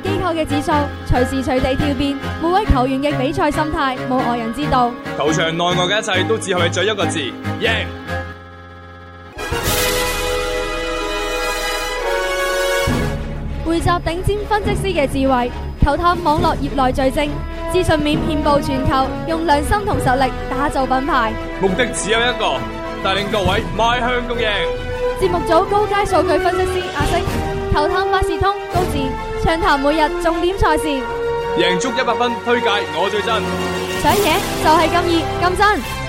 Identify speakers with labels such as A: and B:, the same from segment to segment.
A: 機構嘅指數隨時隨地跳變，每位球員嘅比賽心態冇外人知道。球場內外嘅一切都只係在一個字：贏。匯集頂尖分析師嘅智慧，球探網絡業內最精，資訊面遍布全球，用良心同實力打造品牌。目的只有一個，帶領各位邁向共贏。節目組高階數據分析師阿星，球探百事通高智。暢談每日重點賽事，贏足一百分，推介我最真，想贏就係咁易咁
B: 真。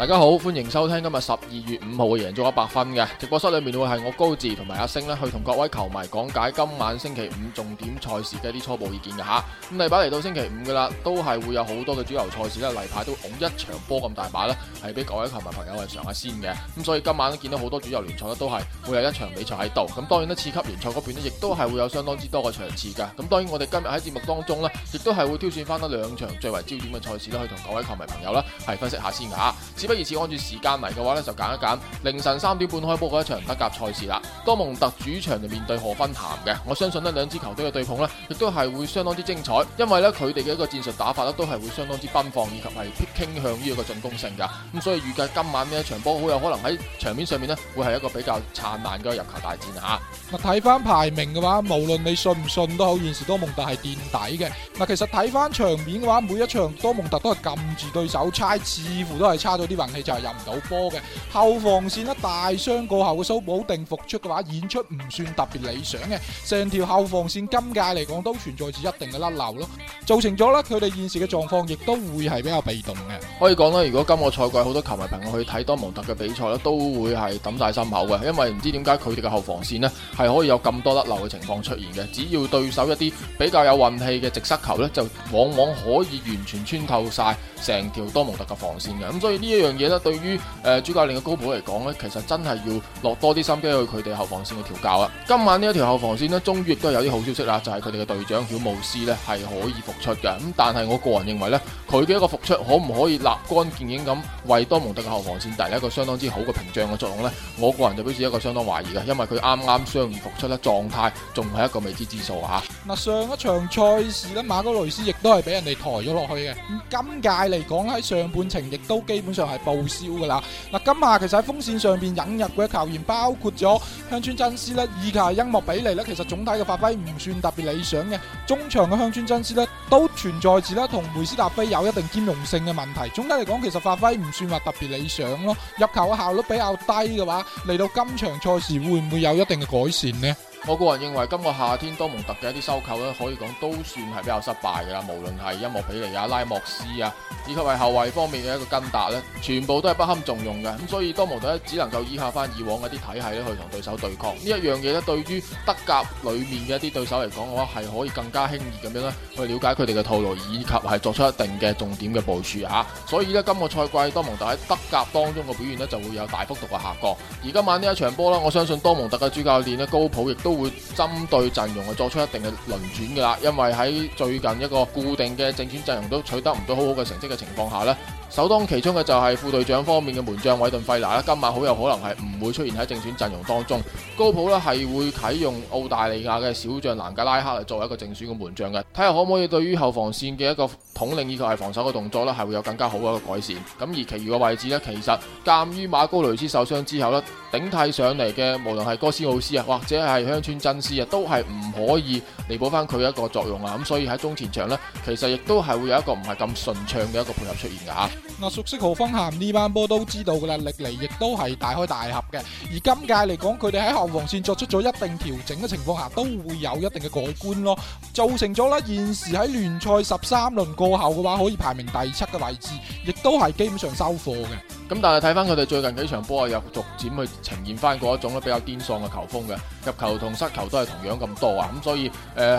B: 大家好，歡迎收聽今日十二月五號嘅贏足一百分嘅直播室，裏面會係我高志同埋阿星咧，去同各位球迷講解今晚星期五重點賽事嘅啲初步意見嘅吓。咁例牌嚟到星期五噶啦，都係會有好多嘅主流賽事啦，例牌都拱一場波咁大把咧，係俾各位球迷朋友去嘗下先嘅。咁、嗯、所以今晚咧，見到好多主流聯賽咧都係會有一場比賽喺度。咁當然啦，次級聯賽嗰邊咧亦都係會有相當之多嘅場次噶。咁當然我哋今日喺節目當中呢，亦都係會挑選翻多兩場最為焦點嘅賽事咧，去同各位球迷朋友啦係分析一下先吓。不以似按住時間嚟嘅話咧，就揀一揀凌晨三點半開波嗰一場德甲賽事啦。多蒙特主場就面對何芬鹹嘅，我相信呢兩支球隊嘅對碰呢，亦都係會相當之精彩，因為呢，佢哋嘅一個戰術打法呢，都係會相當之奔放以及係傾向於一個進攻性嘅。咁所以預計今晚呢一場波好有可能喺場面上面呢，會係一個比較燦爛嘅入球大戰啊！
A: 嗱，睇翻排名嘅話，無論你信唔信都好，現時多蒙特係墊底嘅。嗱，其實睇翻場面嘅話，每一場多蒙特都係撳住對手，差似乎都係差咗啲。運氣就係入唔到波嘅後防線咧，大傷過後嘅蘇堡定復出嘅話，演出唔算特別理想嘅。成條後防線今屆嚟講都存在住一定嘅甩漏咯，造成咗啦。佢哋現時嘅狀況亦都會係比較被動嘅。
B: 可以講啦，如果今個賽季好多球迷朋友去睇多蒙特嘅比賽咧，都會係抌晒心口嘅，因為唔知點解佢哋嘅後防線咧係可以有咁多甩漏嘅情況出現嘅。只要對手一啲比較有運氣嘅直塞球，呢就往往可以完全穿透晒成條多蒙特嘅防線嘅。咁、嗯、所以呢一樣嘢咧，對於誒主教練嘅高普嚟講咧，其實真係要落多啲心機去佢哋後防線嘅調教啊！今晚呢一條後防線呢終於亦都有啲好消息啦，就係佢哋嘅隊長曉慕斯呢，係可以復出嘅。咁但係我個人認為呢佢嘅一個復出可唔可以立竿見影咁為多蒙特嘅後防線帶嚟一個相當之好嘅屏障嘅作用呢？我個人就表示一個相當懷疑嘅，因為佢啱啱傷完復出呢狀態仲係一個未知之數啊！
A: 嗱，上一場賽事呢，馬哥雷斯亦都係俾人哋抬咗落去嘅。咁今屆嚟講喺上半程亦都基本上係。報銷噶啦！嗱，今下其實喺風扇上邊引入嘅球員，包括咗香川真司啦，以及音樂比利咧，其實總體嘅發揮唔算特別理想嘅。中場嘅香川真司咧，都存在住咧同梅斯達菲有一定兼容性嘅問題。總體嚟講，其實發揮唔算話特別理想咯。入球嘅效率比較低嘅話，嚟到今場賽事會唔會有一定嘅改善呢？我個人認
B: 為，今個夏天多蒙特嘅一啲收購咧，可以講都算係比較失敗噶啦。無論係音樂比利啊、拉莫斯啊。以及係後衛方面嘅一個跟搭呢，全部都係不堪重用嘅。咁所以多蒙特只能夠倚靠翻以往嗰啲體系咧，去同對手對抗。呢一樣嘢呢，對於德甲裏面嘅一啲對手嚟講嘅話，係可以更加輕易咁樣咧，去了解佢哋嘅套路，以及係作出一定嘅重點嘅部署嚇。所以呢，今個賽季多蒙特喺德甲當中嘅表現呢，就會有大幅度嘅下降。而今晚呢一場波啦，我相信多蒙特嘅主教練咧高普，亦都會針對陣容去作出一定嘅輪轉㗎啦。因為喺最近一個固定嘅正選陣容都取得唔到好好嘅成績嘅。情況下呢，首當其衝嘅就係副隊長方面嘅門將韋頓費拿啦，今晚好有可能係唔會出現喺正選陣容當中。高普咧係會啟用澳大利亞嘅小將蘭格拉克嚟作為一個正選嘅門將嘅，睇下可唔可以對於後防線嘅一個統領以及係防守嘅動作咧係會有更加好嘅一個改善。咁而其餘嘅位置呢，其實鑑於馬高雷斯受傷之後咧，頂替上嚟嘅無論係哥斯奧斯啊或者係香川真司啊，都係唔可以彌補翻佢一個作用啊。咁所以喺中前場呢，其實亦都係會有一個唔係咁順暢嘅一個配合出現㗎吓。
A: 嗱，熟悉何方涵呢班波都知道噶啦，歷嚟亦都係大開大合嘅。而今屆嚟講，佢哋喺後防線作出咗一定調整嘅情況下，都會有一定嘅改觀咯，造成咗啦現時喺聯賽十三輪過後嘅話，可以排名第七嘅位置，亦都係基本上收貨嘅。咁但係睇翻佢哋最近幾場
B: 波啊，又逐漸去呈現翻嗰一種咧比較癲喪嘅球風嘅，入球同失球都係同樣咁多啊。咁、嗯、所以誒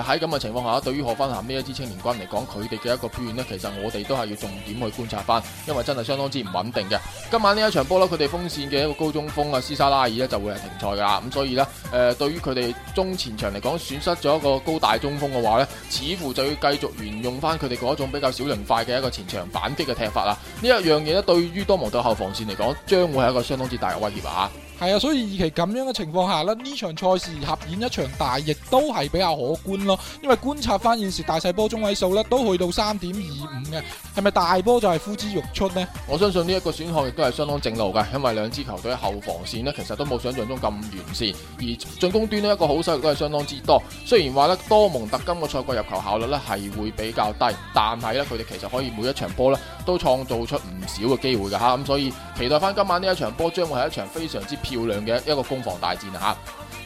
B: 喺咁嘅情況下，對於何方涵呢一支青年軍嚟講，佢哋嘅一個表現呢，其實我哋都係要重點去觀察翻。因為真係相當之唔穩定嘅，今晚呢一場波咧，佢哋鋒線嘅一個高中鋒啊，斯沙拉爾就會係停賽噶啦，咁所以呢，誒、呃，對於佢哋中前場嚟講，損失咗一個高大中鋒嘅話，似乎就要繼續沿用翻佢哋嗰種比較小靈快嘅一個前場反擊嘅踢法啦。呢一樣嘢咧，對於多蒙特後防線嚟講，將會係一個相
A: 當之大嘅威脅啊！係啊，所以而期咁樣嘅情況下咧，呢場賽事合演一場大役都係比較可觀咯。因為觀察翻現時大細波中位數呢，都去到三點二五嘅，係咪大波就係呼之欲出呢？我相信呢一個選項亦都係相當正路嘅，因為兩
B: 支球隊後防線呢，其實都冇想象中咁完善，而進攻端呢一個好手都係相當之多。雖然話呢，多蒙特今個賽季入球效率呢係會比較低，但係呢，佢哋其實可以每一場波呢。都創造出唔少嘅機會嘅哈，咁所以期待翻今晚呢一場波將會係一場非常之漂亮嘅一個攻防大戰啊！哈，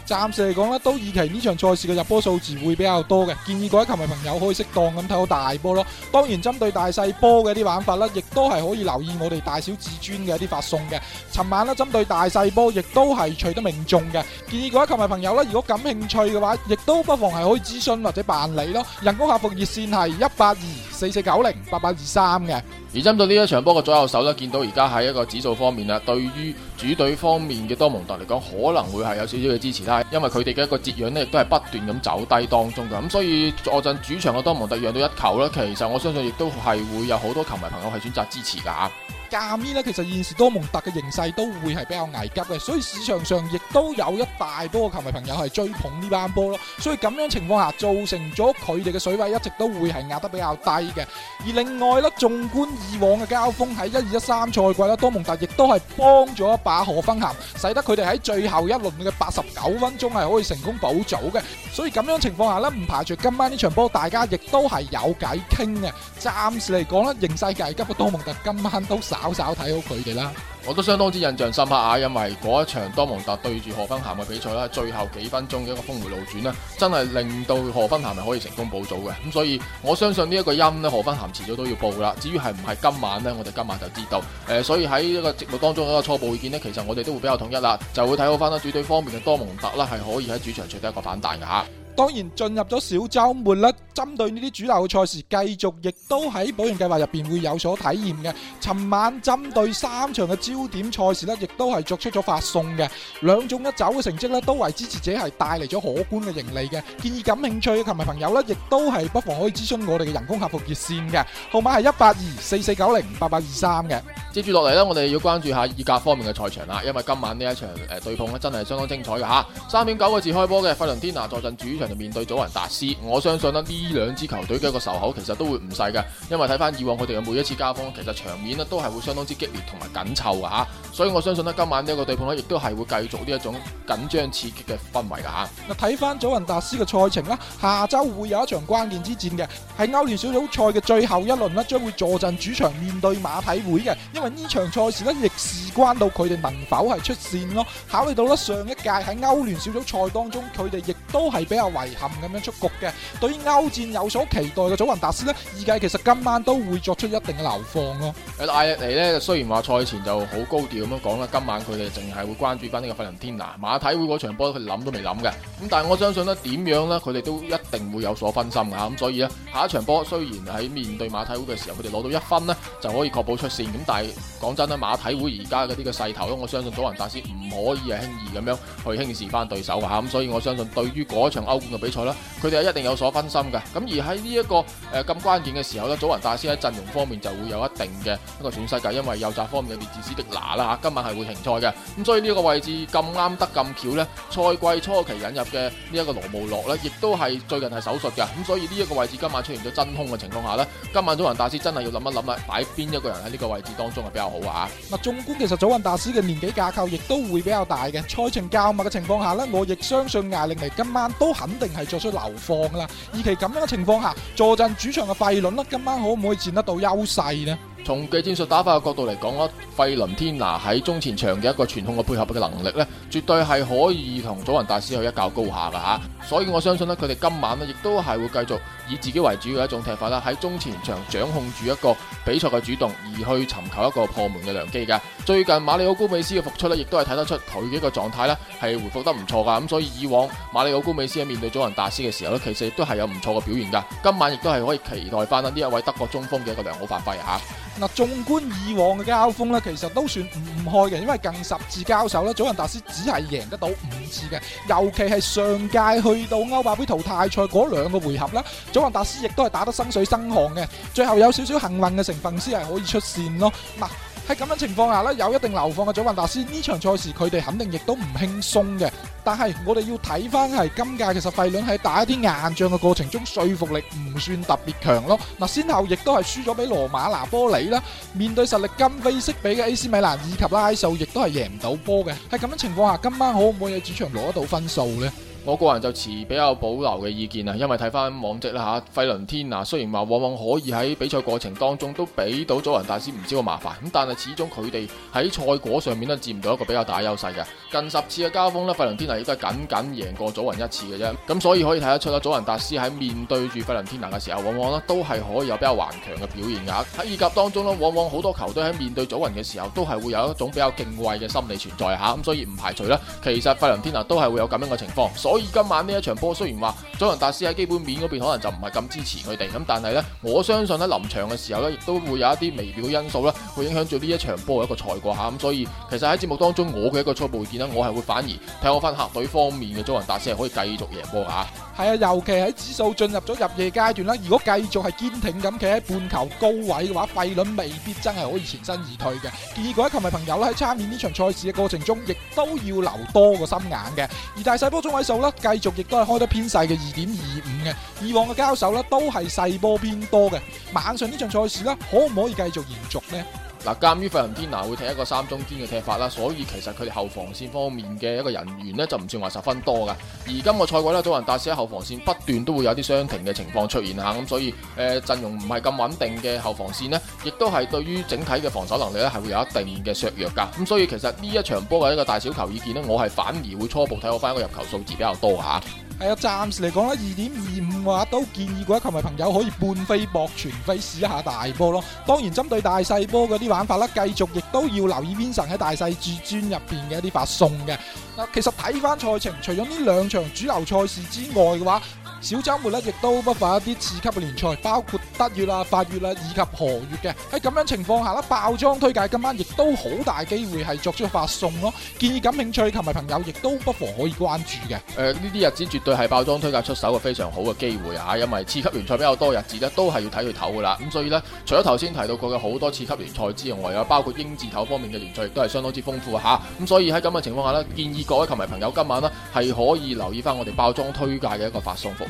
A: 暫時嚟講呢都預期呢場賽事嘅入波數字會比較多嘅，建議各位球迷朋友可以適當咁睇到大波咯。當然針對大細波嘅啲玩法呢，亦都係可以留意我哋大小至尊嘅一啲發送嘅。尋晚呢，針對大細波，亦都係取得命中嘅。建議各位球迷朋友呢，如果感興趣嘅話，亦都不妨係可以諮詢或者辦理咯。人工客服熱線係一八二四四九零八八二三嘅。
B: 而針對呢一場波嘅左右手咧，見到而家喺一個指數方面啦，對於主隊方面嘅多蒙特嚟講，可能會係有少少嘅支持啦，因為佢哋嘅一個節養呢，亦都係不斷咁走低當中㗎。咁所以坐陣主場嘅多蒙特讓到一球呢，其實我相信亦都係會有好多球迷朋友
A: 係選擇支持㗎嚇。加冕咧，其實現時多蒙特嘅形勢都會係比較危急嘅，所以市場上亦都有一大波球迷朋友係追捧呢班波咯。所以咁樣情況下造成咗佢哋嘅水位一直都會係壓得比較低嘅。而另外咧，縱觀以往嘅交鋒喺一二一三賽季咧，多蒙特亦都係幫咗一把賀芬咸，使得佢哋喺最後一輪嘅八十九分鐘係可以成功保組嘅。所以咁樣情況下咧，唔排除今晚呢場波大家亦都係有偈傾嘅。暫時嚟講咧，形勢危急嘅多蒙特今晚都成。稍稍睇好佢哋啦，我都相當之印象深
B: 刻啊，因為嗰一場多蒙特對住何芬咸嘅比賽啦，最後幾分鐘嘅一個峰回路轉啦，真係令到何芬咸係可以成功補組嘅，咁所以我相信呢一個音呢，何芬咸遲早都要報噶，至於係唔係今晚呢，我哋今晚就知道，所以喺呢個節目當中一個初步意見呢，其實我哋都會比較統一啦，就會睇好返主隊方面嘅多蒙特啦，係可以喺主場取得一個反彈㗎
A: 當然進入咗小週末啦，針對呢啲主流嘅賽事，繼續亦都喺保贏計劃入邊會有所體驗嘅。尋晚針對三場嘅焦點賽事咧，亦都係作出咗發送嘅，兩種一走嘅成績咧，都為支持者係帶嚟咗可觀嘅盈利嘅。建議感興趣嘅球迷朋友咧，亦都係不妨可以諮詢我哋嘅人工客服熱線嘅號碼係一八二四四九零八八二三嘅。接住落嚟咧，我哋要關注下意甲方面嘅賽場
B: 啦，因為今晚呢一場誒對碰咧真係相當精彩嘅嚇，三點九個字開波嘅費倫天拿坐鎮主場。面對祖雲達斯，我相信咧呢兩支球隊嘅一個仇口其實都會唔細㗎，因為睇翻以往佢哋嘅每一次交鋒，其實場面咧都係會相當之激烈同埋緊湊㗎吓。所以我相信咧今晚呢個對碰咧亦都係會繼續呢一種緊張刺激嘅氛圍㗎吓。
A: 嗱，睇翻祖雲達斯嘅賽程啦，下周會有一場關鍵之戰嘅，喺歐聯小組賽嘅最後一輪咧，將會坐鎮主場面對馬體會嘅，因為呢場賽事咧亦事關到佢哋能否係出線咯。考慮到咧上一屆喺歐聯小組賽當中，佢哋亦都係比較遺憾咁樣出局嘅，對於歐戰有所期待嘅祖雲達斯呢，意界其實今晚都會作出一定嘅流放咯、
B: 啊。佢拉嚟呢，雖然話賽前就好高調咁樣講啦，今晚佢哋淨係會關注返呢個費倫天拿馬體會嗰場波，佢諗都未諗嘅。咁但係我相信呢，點樣呢，佢哋都一定會有所分心嘅㗎。咁所以呢，下一場波雖然喺面對馬體會嘅時候，佢哋攞到一分呢，就可以確保出線。咁但係講真咧，馬體會而家嗰啲嘅勢頭咧，我相信祖雲達斯唔，唔可以係輕易咁樣去輕視翻對手㗎吓，咁所以我相信對於嗰一場歐冠嘅比賽啦，佢哋係一定有所分心嘅。咁而喺呢一個誒咁、呃、關鍵嘅時候咧，祖雲達斯喺陣容方面就會有一定嘅一個損失㗎，因為右閘方面嘅列治士迪拿啦，今晚係會停賽嘅。咁所以呢一個位置咁啱得咁巧咧，賽季初期引入嘅呢一個羅慕洛呢，亦都係最近係手術嘅。咁所以呢一個位置今晚出現咗真空嘅情況下咧，今晚祖雲達斯真係要諗一諗啊，擺邊一個人喺呢個位置當中係比較好啊！
A: 嗱，縱觀其實祖雲達斯嘅年紀架構，亦都會。會比較大嘅，賽程較密嘅情況下呢，我亦相信艾力尼今晚都肯定係作出流放㗎啦。以其咁樣嘅情況下，坐鎮主場嘅費倫呢，今晚可唔可以佔得到優勢呢？從
B: 技戰術打法嘅角度嚟講啦，費倫天拿喺中前場嘅一個傳控嘅配合嘅能力咧，絕對係可以同祖雲達斯去一較高下噶。所以我相信咧，佢哋今晚咧亦都係會繼續以自己為主要一種踢法啦，喺中前場掌控住一個比賽嘅主動，而去尋求一個破門嘅良機嘅。最近馬里奧高美斯嘅復出咧，亦都係睇得出佢嘅一個狀態咧係回復得唔錯噶。咁所以以往馬里奧高美斯喺面對祖雲達斯嘅時候咧，其實亦都係有唔錯嘅表現噶。今晚亦都係可以期待翻呢一位德國中鋒嘅一個良好發揮嚇。
A: 嗱，縱、啊、觀以往嘅交鋒呢，其實都算唔唔開嘅，因為近十次交手呢，祖雲達斯只係贏得到五次嘅，尤其係上屆去到歐霸杯淘汰賽嗰兩個回合咧，祖雲達斯亦都係打得生水生汗嘅，最後有少少幸運嘅成分先係可以出線咯，嗱、啊。喺咁樣的情況下咧，有一定流放嘅祖雲達斯呢場賽事佢哋肯定亦都唔輕鬆嘅。但係我哋要睇翻係今屆，其實費倫喺打啲硬仗嘅過程中說服力唔算特別強咯。嗱，先後亦都係輸咗俾羅馬拿波里啦，面對實力今非昔比嘅 A.C. 米蘭以及拉素、so，亦都係贏唔到波嘅。喺咁樣的情況下，今晚可唔可以喺主場攞到分數呢？
B: 我個人就持比較保留嘅意見啊，因為睇翻往績啦嚇，費倫天拿雖然話往往可以喺比賽過程當中都俾到祖雲達斯唔少嘅麻煩，咁但係始終佢哋喺賽果上面都佔到一個比較大優勢嘅。近十次嘅交鋒呢，費倫天拿亦都係僅僅贏過祖雲一次嘅啫。咁所以可以睇得出啦，祖雲達斯喺面對住費倫天拿嘅時候，往往咧都係可以有比較頑強嘅表現㗎。喺意甲當中咧，往往好多球隊喺面對祖雲嘅時候，都係會有一種比較敬畏嘅心理存在嚇。咁所以唔排除啦，其實費倫天拿都係會有咁樣嘅情況。所以今晚呢一場波雖然話，祖雲達斯喺基本面嗰邊可能就唔係咁支持佢哋，咁但係呢，我相信喺臨場嘅時候呢，亦都會有一啲微妙嘅因素呢，會影響咗呢一場波嘅一個賽果吓，咁所以其實喺節目當中，我嘅一個初步見呢，我係會反而睇我返客隊方面嘅祖雲達斯係可以繼續贏波嚇。
A: 係啊，尤其喺指數進入咗入夜階段啦，如果繼續係堅挺咁企喺半球高位嘅話，費倫未必真係可以全身而退嘅。建議各位球迷朋友咧，喺參與呢場賽事嘅過程中，亦都要留多個心眼嘅。而大細波中位數咧，繼續亦都係開得偏細嘅二點二五嘅。以往嘅交手呢，都係細波偏多嘅。晚上呢場賽事呢，可唔可以繼續延續呢？
B: 嗱，鑒於費倫天拿會踢一個三中堅嘅踢法啦，所以其實佢哋後防線方面嘅一個人員呢，就唔算話十分多噶。而今個賽季咧，祖雲達斯喺後防線，不斷都會有啲傷停嘅情況出現下，咁所以誒、呃、陣容唔係咁穩定嘅後防線呢，亦都係對於整體嘅防守能力呢係會有一定嘅削弱噶。咁所以其實呢一場波嘅一個大小球意見呢，我係反而會初步睇好翻個入球數字比較多吓。
A: 係啊，暫時嚟講啦，二點二五話都建議各位球迷朋友可以半飛博全飛試一下大波咯。當然針對大細波嗰啲玩法啦，繼續亦都要留意邊神喺大細至尊入面嘅一啲發送嘅。嗱，其實睇翻賽程，除咗呢兩場主流賽事之外嘅話，小周末咧，亦都不乏一啲次級聯賽，包括德乙啦、啊、法乙啦、啊、以及荷乙嘅。喺咁樣的情況下咧，爆裝推介今晚亦都好大機會係作出發送咯。建議感興趣球迷朋友亦都不妨可以關注嘅。
B: 誒、呃，呢啲日子絕對係爆裝推介出手嘅非常好嘅機會嚇、啊，因為次級聯賽比較多日子咧，都係要睇佢頭噶啦。咁、嗯、所以呢，除咗頭先提到過嘅好多次級聯賽之外，啊，包括英字頭方面嘅聯賽，亦都係相當之豐富嚇。咁、啊嗯、所以喺咁嘅情況下呢，建議各位球迷朋友今晚呢係可以留意翻我哋爆裝推介嘅一個發送服務。